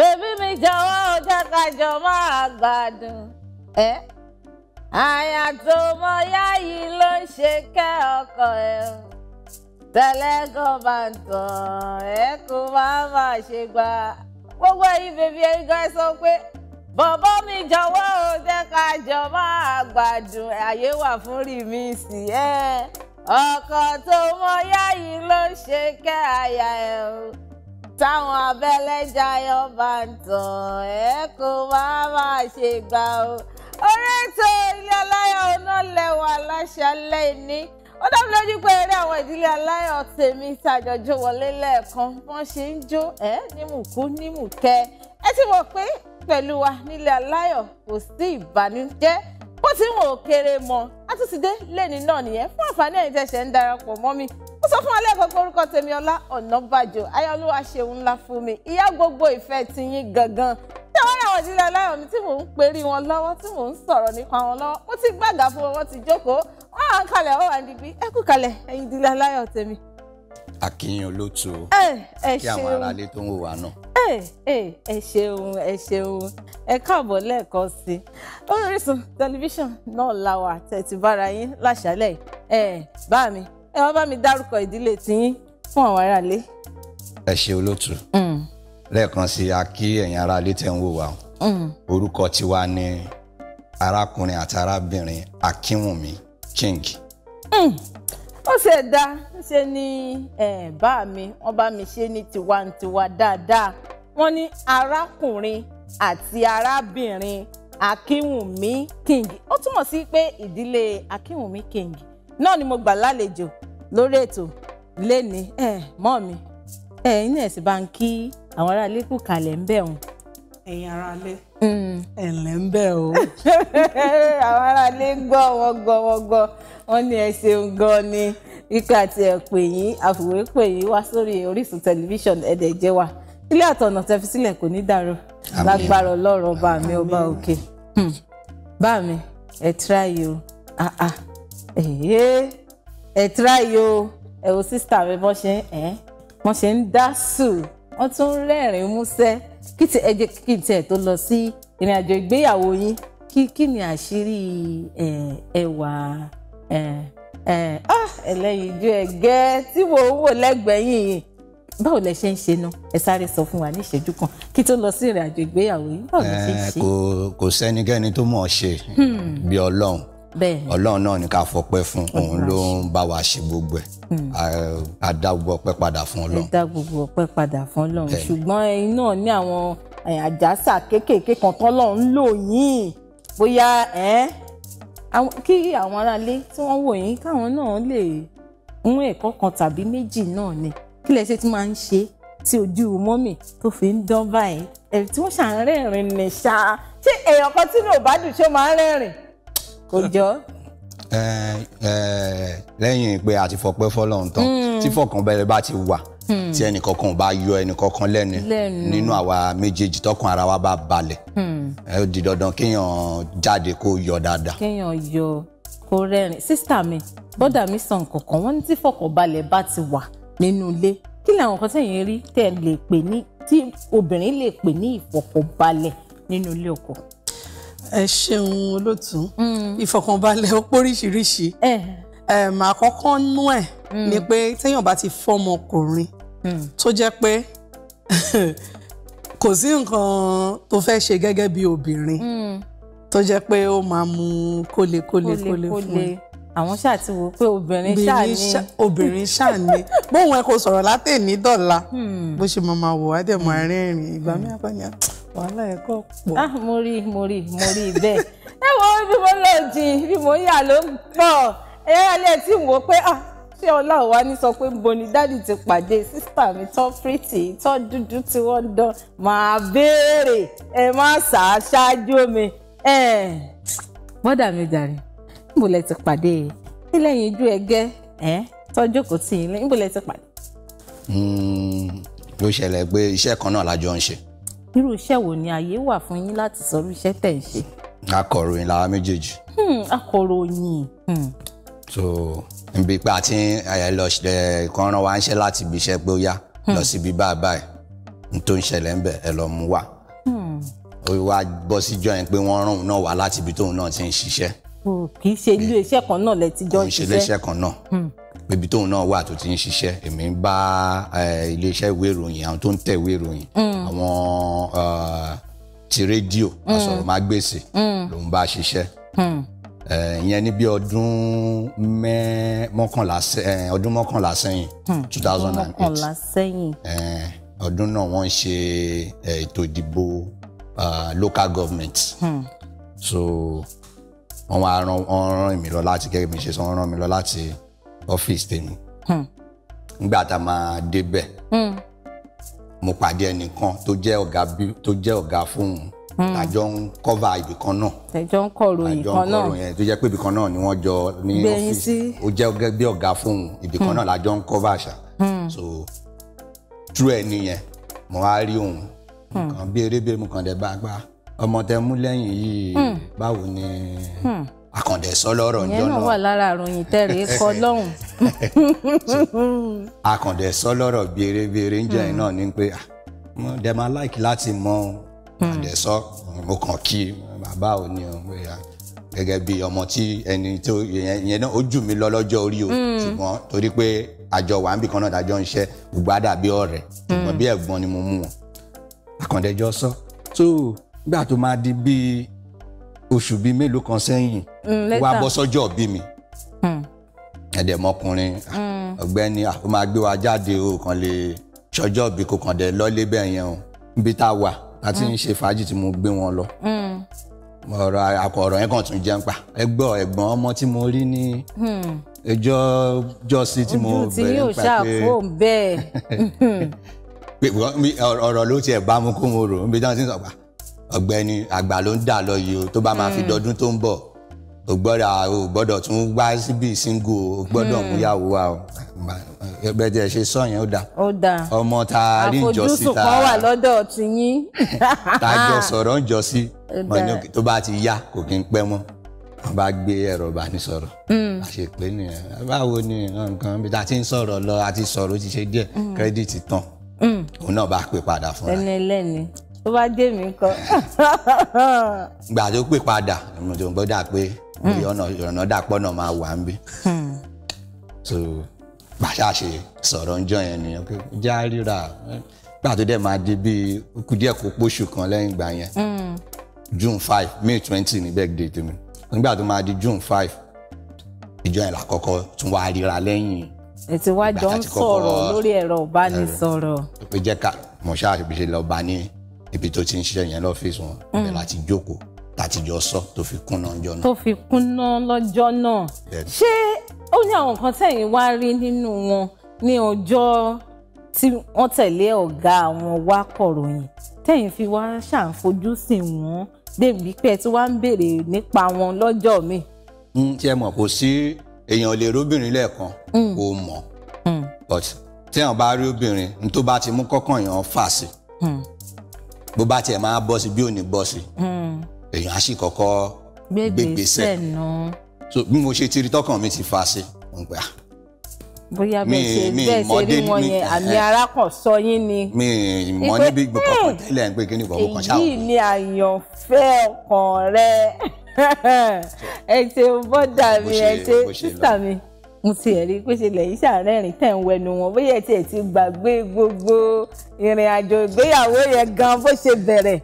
bébí mi jọ̀wọ́ jẹ́ ká jọ máa gbádùn. ẹ àyà tó mọ yáyí ló ń ṣe kẹ́ ọkọ ẹ o tẹ́lẹ́gàn bá ń tàn ẹ kó má má ṣe gbà. gbogbo ẹ̀yin bèbí ẹ̀yin gan sọ pé bọ̀bọ́ mi jọ̀wọ́ o ká jọ máa àyè wà fún rìmíìsì ẹ ọkọ tó mọ yáyí ló ń ṣe kẹ́ àyà ẹ o táwọn abẹ́lẹ́jà yọ bá ń tàn ẹ́ kó má máa ṣe gbà o. orí ètò ilé aláyọ̀ ọ̀nà lẹ́wọ̀ aláṣálẹ̀ ní ó dábìí lójú pé eré àwọn ìdílé aláyọ̀ tèmi tàjọjọ́ wọlé lẹ́ẹ̀kan wọ́n ṣe ń jó ẹ́ nímùkú nímùkẹ́ ẹ ti mọ̀ pé pẹ̀lú wa nílé aláyọ̀ kò sí ìbànújẹ́ bó ti ń kéré mọ́ tún ti dé lẹ́ni náà nìyẹn fún àǹfààní ẹ̀yin tẹ̀sẹ̀ ń darapọ̀ mọ́ mi ó sọ fún alẹ́ ẹ̀kọ́ orúkọ tèmi Ọlá Ọ̀nàbàjọ́ ayọ́lúwa ṣeun ńlá fún mi ìyá gbogbo ìfẹ́ ti yín gangan tẹ́wọ́n àwọn ìdílé aláyọ̀ mi tí mò ń perí wọn lọ́wọ́ tí mò ń sọ̀rọ̀ nípa wọn lọ́wọ́ mo ti gbàgà fún wọn ti jókòó wọn à ń kalẹ̀ wọn wà níbí ẹ ẹ ṣeun ẹ ṣeun ẹ káàbọ̀ lẹ́ẹ̀kan sí i Orísun tẹlifíṣàn náà la wà tẹ̀tí bára yín láṣálẹ̀ ẹ bá mi ẹ wá bá mi dárúkọ ìdílé tiyín fún àwọn aráalé. ẹ ṣe olótú mm. lẹ́ẹ̀kan sí i a kí ẹ̀yin aráalé tẹ̀ ń wò wá mm. orúkọ tiwa ni arákùnrin àti arábìnrin Akínwùmí King. Mm. ó ṣe dá ṣe ni bá mi wọ́n bá mi ṣe ní tiwantiwa dáadáa wọ́n ní arákùnrin àti arábìnrin akínwùmí king ó túmọ̀ sí pé ìdílé akínwùmí king náà ni mo gbà lálejò lórí ètò lẹ́ni ẹ̀ mọ́ mi ẹ̀ iná ẹ̀sìn bá ń kí àwọn aráalé kù kalẹ̀ ń bẹ̀ wọn ẹ̀yin aráalé hmm. ẹ̀lẹ́ ń bẹ̀ o. àwọn aráalé gbọ́ wọ́n gbọ́ wọ́n gbọ́ wọ́n ní ẹ ṣeun gan ni wípé àti ẹ̀ pè yín pè yín wá sórí Orísun tẹlifíṣàn ẹ̀dẹ̀ jẹ́ wa ilé àtọ̀nà tẹ́ fi sílẹ̀ kò ní dàrú lágbára ọlọ́run ọba mi ọba òkè hmm. bá mi ẹ tíráyé o ah, ah. ẹ tíráyé o ẹ wo sísítà mi bọ́n ṣe ń wọ́n ṣe ń dá sùn wọ́n tún rẹ́rìn-ín músẹ́ kí ti ẹ jẹ́ kí n tiẹ̀ tó lọ sí ìrìn àjò ìgbéyàwó yín kí kí ni àṣírí ẹwà ah, ẹlẹ́yinjú ẹ̀gẹ́ tí mò ń wò lẹ́gbẹ̀ẹ́ yìí báwo lẹ ṣe ń ṣe nu ẹ sáré sọ fún wa ní ìṣẹ́jú kan kí tó lọ sí ìrìn àjò ìgbéyàwó yìí báwo lẹ ṣe ń eh, ṣe. kò kò sẹ́nikẹ́ni tó mọ̀ ọ́ ṣe hmm. bí ọlọ́run ọlọ́run náà ní ká fọpẹ́ fún òun ló ń bá wa ṣe gbogbo ẹ̀ hmm. a dá gbogbo ọpẹ́ padà fún ọlọ́run. ẹ dá gbogbo ọpẹ́ padà fún ọlọ́run ṣùgbọ́n ẹ̀yin náà ní àwọn àjàsà kéékèèké kan tọ́lọ́run lò yín bóyá kí àwọn aráalé tí wọ́n wò yín káwọn náà lè mú ẹ̀kọ́ kan tàbí méjì náà ni kí lẹ ṣe tí máa ń ṣe tí ojú mọ́mì tó fi ń dán báyìí ẹ̀rì tí wọ́n ṣàn rẹ́rìn ní ṣá ṣé èèyàn kan tí ní ò bá dùn ṣé ó máa ń rẹ́rìn kò jọ. lẹ́yìn pé a ti fọpẹ́ fọlọ́run tán hmm. tí fọkànbalẹ̀ bá ti wà hmm. tí ẹnìkankan ò bá yọ ẹnìkankan lẹ́nu nínú àwa méjèèjì tọkàn ara wa bá balẹ̀ hmm. ẹ ó di dandan kéèyàn jáde kó yọ dáadáa. kéèyàn yọ kó rẹ́rìn sísítà mi bọ́dà mi sàn kankan wọ́n ní tí fọkànbalẹ̀ bá ti wà nínú ilé kí làwọn nǹkan tẹ̀yìn rí tẹ̀ lè pè ní tí obìnrin lè pè ní ìfọ̀kànbalẹ̀ nínú ilé ọkọ. ẹ ṣeun olótùú hmm. ìfọ̀kànbalẹ̀ ó póríṣiríṣi eh. àkọ́kọ́ nú ẹ̀ hmm. ni pé téèyàn bá ti fọ́mọkùnrin hmm. tó jẹ́ pé kò sí nǹkan tó fẹ́ ṣe gẹ́gẹ́ bí obìnrin tó jẹ́ pé ó máa mú kólekóle kólé fún un àwọn ṣáà ti wò pé obìnrin ṣáà ni obìnrin ṣáà ni bóun ẹ kò sọ̀rọ̀ látẹ̀ní dọ̀la hmm. bó ṣe mọ̀ máa wò wá dẹ̀ mọ̀ arẹ́rìn hmm. ìgbà mi hmm. àpáyà wàhálà ẹ̀ kọ́ pọ̀. ah mo rí mo rí mo rí bẹ́ẹ̀ ẹ wo bí mo lọ jìn bí mo yà ló ń pọ̀ ẹ alẹ́ tí wò ó pé ah ṣé ọlọ́run wá ní sọ pé bo ni dáàdì ti pàdé sísítà mi tó fìrìtì tó dúdú tí wọ́n dán máa béèrè ẹ má sàá ṣáájú mi. bọ́dà mi jàre níbo lẹ ti pàdé nílẹ̀ yẹn ju ẹgẹ́ ẹ̀ tọ́jú kò tí ì lẹ́yìn níbo lẹ ti pàdé. Hmm, ló ṣẹlẹ̀ pé iṣẹ́ kan náà la jọ ń ṣe. irú iṣẹ́ wo ni àyè wà fún yín láti sọrú iṣẹ́ tẹ̀ ń ṣe. akọ̀ròyìn làwa méjèèjì. Hmm, akọ̀ròyìn. Hmm. so nbí pé àti lọ kàn rán wa ń ṣe láti ibi iṣẹ́ pé ó yá lọ síbi báyìí báyìí n tó ń ṣẹlẹ̀ ń bẹ̀ ẹ lọ mú wa ó wá bọ́ síjọ́ yẹn pé wọ́n rán òun náà wá láti ibi tóun náà ti ń ṣiṣẹ́ kì í ṣe ilé iṣẹ́ kan náà lẹ ti jọ ṣiṣẹ́ kì í ṣe ilé iṣẹ́ kan náà hmm. ibi tóun náà wà tó ti ń ṣiṣẹ́ èmi ń bá ilé iṣẹ́ ìwé ìròyìn àwọn tó ń tẹ̀ ìwé ìròyìn hmm. àwọn ti rédíò àsọ̀rọ̀mágbèsì hmm. ló ń bá ṣiṣẹ́ ìyẹn ní bí ọdún mọ́kànlá ọdún mọ́kànlá sẹ́yìn two thousand and eight mọ́kànlá sẹ́yìn ọdún náà wọ́n ń ṣe ètò ìdìbò local government so wọ́n wá rán wọ́n rán mi lọ láti gẹ́gẹ́ bí ṣe sọ wọ́n rán mi lọ láti ọ́fíìsì tèmi hmm. nígbà tá a máa débẹ̀ hmm. mo pàdé ẹnìkan tó jẹ́ ọ̀gá tó jẹ́ ọ̀gá fóun àjọ hmm. ń kọ́va ibì kan náà àjọ ń kọ̀rò ibì kan náà àjọ ń kọ̀rò yẹn tó jẹ́ pé ibì kan náà ni wọ́n jọ ní ọ́fíìsì ó jẹ́ bí ọ̀gá fóun ibì náà lájọ ń kọ́va àṣà so true ẹni yẹn mo wá rí òun nǹkan bí erébé mo kàn dé bá gbá ọmọ tẹ mú lẹ́yìn yìí hmm. báwo ni hmm. àkàndẹ sọ lọ́rọ̀ ńjọ́ náà ìyẹn náà wà lára àròyìn tẹrẹ kọ lọ́hùn. àkàndẹ sọ lọ́rọ̀ bèrèbèrè ńjọ́ yìí hmm. náà ni pé ah, mo dẹ máa láìkí láti mọ àdẹ sọ mo kàn kí bàbá ò ní ah, gẹ́gẹ́ bí ọmọ tí ẹni tó yẹn náà ó jù mí lọ lọ́jọ́ orí o ṣùgbọ́n torí pé àjọ wà ń bì kan náà dájọ ń ṣe gbogbo àdàbí ọ̀rẹ́ ṣùgbọ́n bí ẹ̀gbọ́n ni mo mú wọn àkàndẹjọ sọ so gbà tó máa di bíi oṣù bíi mélòó kan sẹ́yìn mm, wá bọ́ sọ́jọ́ bí mi hmm. ẹ̀dẹ̀mọkùnrin ah, hmm. ọ̀gbẹ́ni ah, ó máa gbé wa jáde o kàn lè sọ́jọ́ bí kò kàn dẹ̀ lọ́lé bẹ́ẹ̀ yẹn o níbi tá a wà láti ń hmm. ṣe fàájì tí mo gbé wọn lọ ọ̀rọ̀ àkọ́ ọ̀rọ̀ yẹn kàn tún jẹ́ ń pa ẹgbọ́ ẹ̀gbọ́n ọmọ tí mo rí ní ẹjọ́ jọ́sí tí mo bẹ̀rẹ̀ ń pa pé ọ̀rọ̀ ló tiẹ̀ bá mu kó mo rò níbi tí wọ́n ti ń sọ̀gbà ọ̀gbẹ́ni àgbà ló ń dà lọ yìí o tó bá máa fi hmm. dọdún tó ń bọ̀ o gbọ́dọ̀ o gbọ́dọ̀ tún wá síbi ìsìnkú o gbọ́dọ̀ múyàwó hmm. wa o bẹ́tẹ̀ ṣe sọ yẹn ó dáa ó dáa ọmọ tá a rí ìjọsí tá a àfojúsùn kan wà lọ́dọ̀ ti yín tá a jọ sọ̀rọ̀ ń jọsí tó bá ti yá kò kí n pẹ́ mọ́ wọ́n bá gbé ẹ̀rọ ìbánisọ̀rọ̀ àṣepé hmm. nìyẹn báwo ni nǹkan bí a ti ń sọ̀rọ̀ lọ àti sọ̀rọ̀ ó ti ṣe díẹ̀ kírẹ́dìtì tán òun náà bá pè padà fún ẹni ẹlẹ́ni tó bá jẹ́ mi kọ́. gbà tó pè padà ìmọ̀ tó ń gbọ́dà pé hmm. ìrànà dàpọ̀ máa wà ń bí. Hmm. so gbàṣà ṣe sọ̀rọ̀ ń jọ yẹn nìyẹn pé já ríra gbà tó dẹ̀ máa di bíi kú díẹ̀ kó póṣù kan lẹ́yìn ìgbà yẹn hmm. june five may twenty ni birthday tèmi nígbà tó máa di june five ìjọ yẹn làkọ́kọ́ tún wá ríra lẹ́yìn ètò wájọ ń sọ̀rọ̀ lórí ẹ̀rọ ìbánisọ̀rọ̀. pé jẹ́ ká mọ̀ṣáàṣì bí ṣe lọ́ọ́ bá ní ibi tó ti ń ṣiṣẹ́ yẹn lọ́fíìsì wọn ibẹ̀ mm. láti jókòó tàtijọ́ sọ tó fi kúnná lọ́jọ́ náà. tó fi kúnná lọ́jọ́ náà ṣé ó ní àwọn nǹkan tẹ̀yìn wá rí nínú wọn ní ọjọ́ tí wọ́n tẹ̀lé ọ̀gá àwọn wá kọ̀ròyìn tẹ̀yìn fi wá ṣàǹfojú sí wọn débi pé ẹ tí wàá ń béèrè nípa wọn lọ́jọ́ mi. tí ẹ mọ̀ kò sí èèyàn lè róbìnrin lẹ́ẹ̀kan mm. kò mọ̀ mm. but téèyàn bá rí obìnrin ní tó bá ti mú kọ́kàn yàn fà sí bó bá tiẹ̀ máa bọ́ sí bí ò ní bọ́ sí hmm. èèyàn á sì kọ́kọ́ gbégbèsè so bí mo ṣe ti rí tọkàn mi ti fa sí mo gbà. bóyá bẹ́ẹ̀ ṣe bẹ́ẹ̀ ṣe rí wọn yẹn eh, àmì eh. ara kan sọ yín ni. mi mọ níbi kọkàn hmm, tẹ́lẹ̀ ń pè kí ni kọkàn kan ṣáà. èyí ni àyànfẹ́ ọkàn rẹ ẹ ṣeun bọ́dà mi ẹ ṣe sísà mi mo ti ẹ̀rí pé ṣe lẹ́yìn ṣàárẹ̀rìn tẹ̀ ń wẹnu wọn bóyá ẹ̀ tiẹ̀ ti gbàgbé gbogbo ìrìn àjò ìgbéyàwó yẹn gan bó ṣe bẹ̀rẹ̀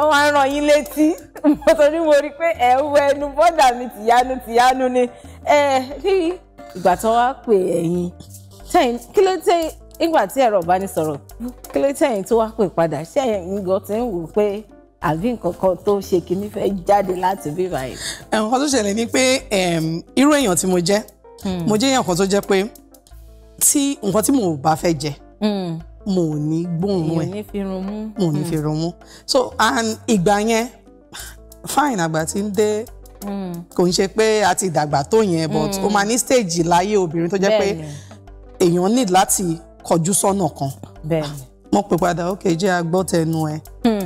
ọ wá ń rán yín létí mo torí mo rí i pé ẹ̀ ń wẹnu bọ́dà mi tìyanu tìyanu ni rí ìgbà tó wá pè ẹ̀yin tẹ̀yìn kí ló tẹ̀ nígbà tí ẹ̀rọ ìbánisọ̀rọ̀ kí ló tẹ̀yìn tó wá pè padà ṣé ẹ̀yin gan ti ń wò pé àbí nǹkan kan tó ṣe kí nífẹ̀ẹ́ jáde láti bí báyìí. nǹkan tó ṣẹlẹ̀ ni pé irú èèyàn tí mo jẹ́ Hmm. mo jẹ́ èèyàn kan tó jẹ́ pé tí nǹkan tí mo bá fẹ́ jẹ hmm. mo ò ní gbóhùn ẹ̀ mo ò ní fi hmm. rún mú so and ìgbà yẹn fine àgbà tí ń dé kò ń ṣe pé a ti dàgbà tó yẹn but ó máa ní stage láyé obìnrin tó jẹ́ pé èèyàn need láti kọjú sọ́nà kan mo pè padà ok jẹ́ agbọ́ tẹnu ẹ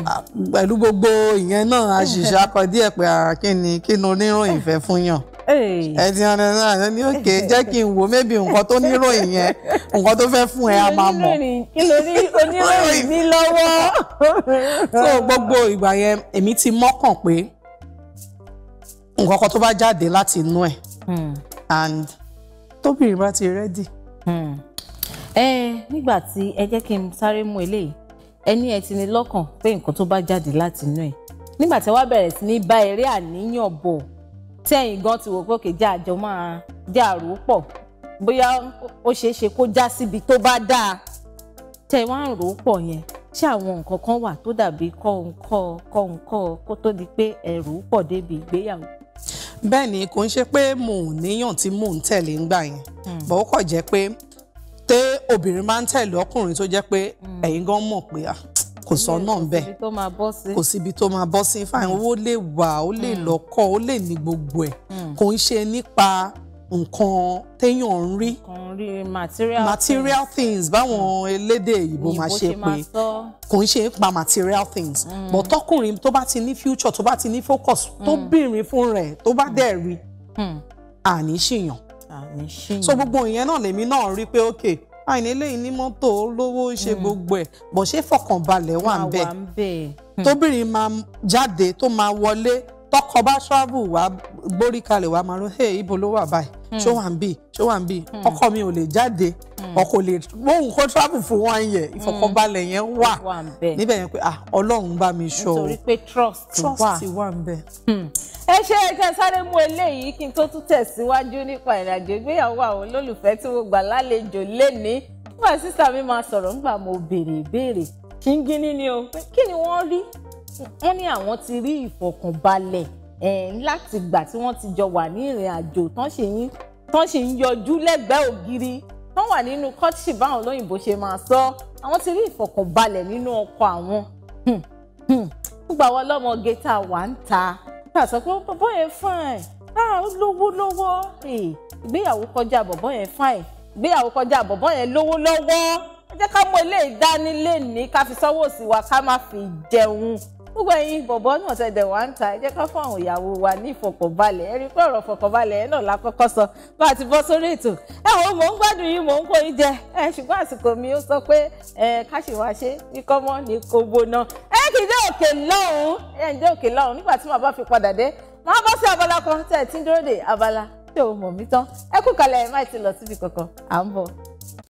ah, pẹ̀lú gbogbo ìyẹn náà a ṣì ṣe akọ díẹ̀ pé ah, kí ni kí ni oníròyìn fẹ́ fún yàn ẹ ti hàn náà náà ní òkè jẹ́ kí n wò mébì nǹkan tó níròyìn yẹn nǹkan tó fẹ́ fún ẹ a máa mọ̀. kí ló ní oníròyìn ní lọ́wọ́. so gbogbo ìgbà yẹn èmi ti mọ́kàn pé nǹkan kan tó bá jáde láti inú ẹ̀ hmm. and tóbìnrin bá ti rẹ́dì. Hmm. ẹ nígbà tí ẹ jẹ́ kí n sáré mú eléyìí ẹ ní ẹ ti ní lọ́kàn pé nǹkan tó bá jáde láti inú ẹ̀ nígbà tí wàá bẹ̀rẹ̀ sí ní bá eré àníyàn bọ̀ tẹ́yìn gan ti wò pé òkè jẹ́ àjọ máa jẹ́ àrò pọ̀ bóyá ó ṣeé ṣe kó já síbi tó bá dáa tẹ́ wá ń rò ó yẹn ṣé àwọn nǹkan kan wà tó dàbí kọ́ńkọ́ kọ́ńkọ́ kó tó di pé ẹ̀rù pọ̀ débi ìgbéyàwó. bẹ́ẹ̀ ni kò ń ṣe pé mò ń níyàn tí mò ń tẹ̀lé ńgbà yẹn hmm. bọ̀ ó kọ̀ jẹ́ pé tẹ́ obìnrin máa ń tẹ̀lé ọkùnrin tó jẹ́ pé hmm. ẹ̀yin gan mọ̀ pé à kò sọ́nà ń bẹ̀ kò síbi tó máa bọ́ sí fáìn owó mm. lè wà ó lè mm. lọ́kọ̀ ó lè ní gbogbo ẹ̀ mm. kò ń ṣe nípa nǹkan téèyàn ń rí material, things báwọn elédè ìbò máa ṣe pé kò ń ṣe nípa material things mm. but tọkùnrin tó bá ti ní future tó bá ti ní focus tó bìnrin fún rẹ̀ tó bá dẹ̀ rí àní ṣìyàn so gbogbo ìyẹn náà lèmi náà rí pé okay àìní eléyìí ní mọ́tò olówó ń ṣe hmm. gbogbo ẹ̀ bọ̀ ṣé fọkànbalẹ̀ wà ń bẹ̀ hmm. tóbìnrin máa jáde tó máa wọlé tọkọ bá travel wá gbórí kalẹ̀ wá máa rọ ẹ ibo ló wà báyìí hmm. ṣó wà ń bì ṣó wà ń bì ọkọ mi ò lè jáde ọkọ lè lóhùn kó travel fún wọn yẹn ìfọkànbalẹ̀ yẹn wà níbẹ̀ yẹn pé ah, ọlọ́run bá mi ṣọ́ nítorí pé trust wà ẹ ṣe ẹkẹ sáré mú eléyìí kí n tó tún tẹ̀síwájú nípa ìrìnàjò ìgbéyàwó àwọn olólùfẹ́ tí mo gbà lálejò lénìí nígbà sísà mi máa sọ̀rọ̀ nígbà mo béèrè ìbéèrè ṣíngínní ni o kí ni wọ́n rí wọ́n ní àwọn ti rí ìfọ̀kànbalẹ̀ láti ìgbà tí wọ́n ti jọ wà ní ìrìn àjò tán ṣe ń yọjú lẹ́gbẹ̀ẹ́ ògiri tán wà nínú kọ́tìṣì báwọn olóyìnbó ṣe máa sọ àwọn ti rí ìfọ̀kànbalẹ̀ nínú ọkọ àwọn hmm, hmm. gbogbo àwọn ọlọ́mọge tá a wà ń ta náà sọ pé bọ̀bọ̀ yẹn fine ah lówó lọ́wọ́ ìgbéyàwó kọjá bọ̀bọ̀ yẹn fine ìgbéyàwó kọjá bọ̀bọ̀ yẹn lówó lọ́wọ́ ẹ jẹ́ ká mú ilé ìdánilé ní ká fi sọ́wọ́ sí wa ká má fi jẹun gbogbo ẹ̀yin bọ̀bọ̀ náà tẹ̀ dẹ̀ wá ń ta ẹ jẹ́ ká fún àwọn ìyàwó wa ní ìfọ̀kànbalẹ̀ ẹ pé ọ̀rọ̀ ìfọ̀kànbalẹ̀ ẹ náà la kọ́kọ́ sọ bá a ti bọ́ sórí ètò ẹ wo mò ń gbádùn yín mò ń kó yín jẹ ẹ ṣùgbọ́n àsìkò mi ó sọ pé ẹ ká ṣì wá ṣe kíkọ́ mọ́ ní kó gbóná ẹ kì í dé òkè lọ́hùn ẹ ń dé òkè lọ́hùn nígbà tí màá bá fi padà dé màá bọ́ sí abala kan tẹ̀ tí ń dúró dé abala tó mọ̀ mí tán ẹ kú kalẹ̀ ẹ má ti lọ síbi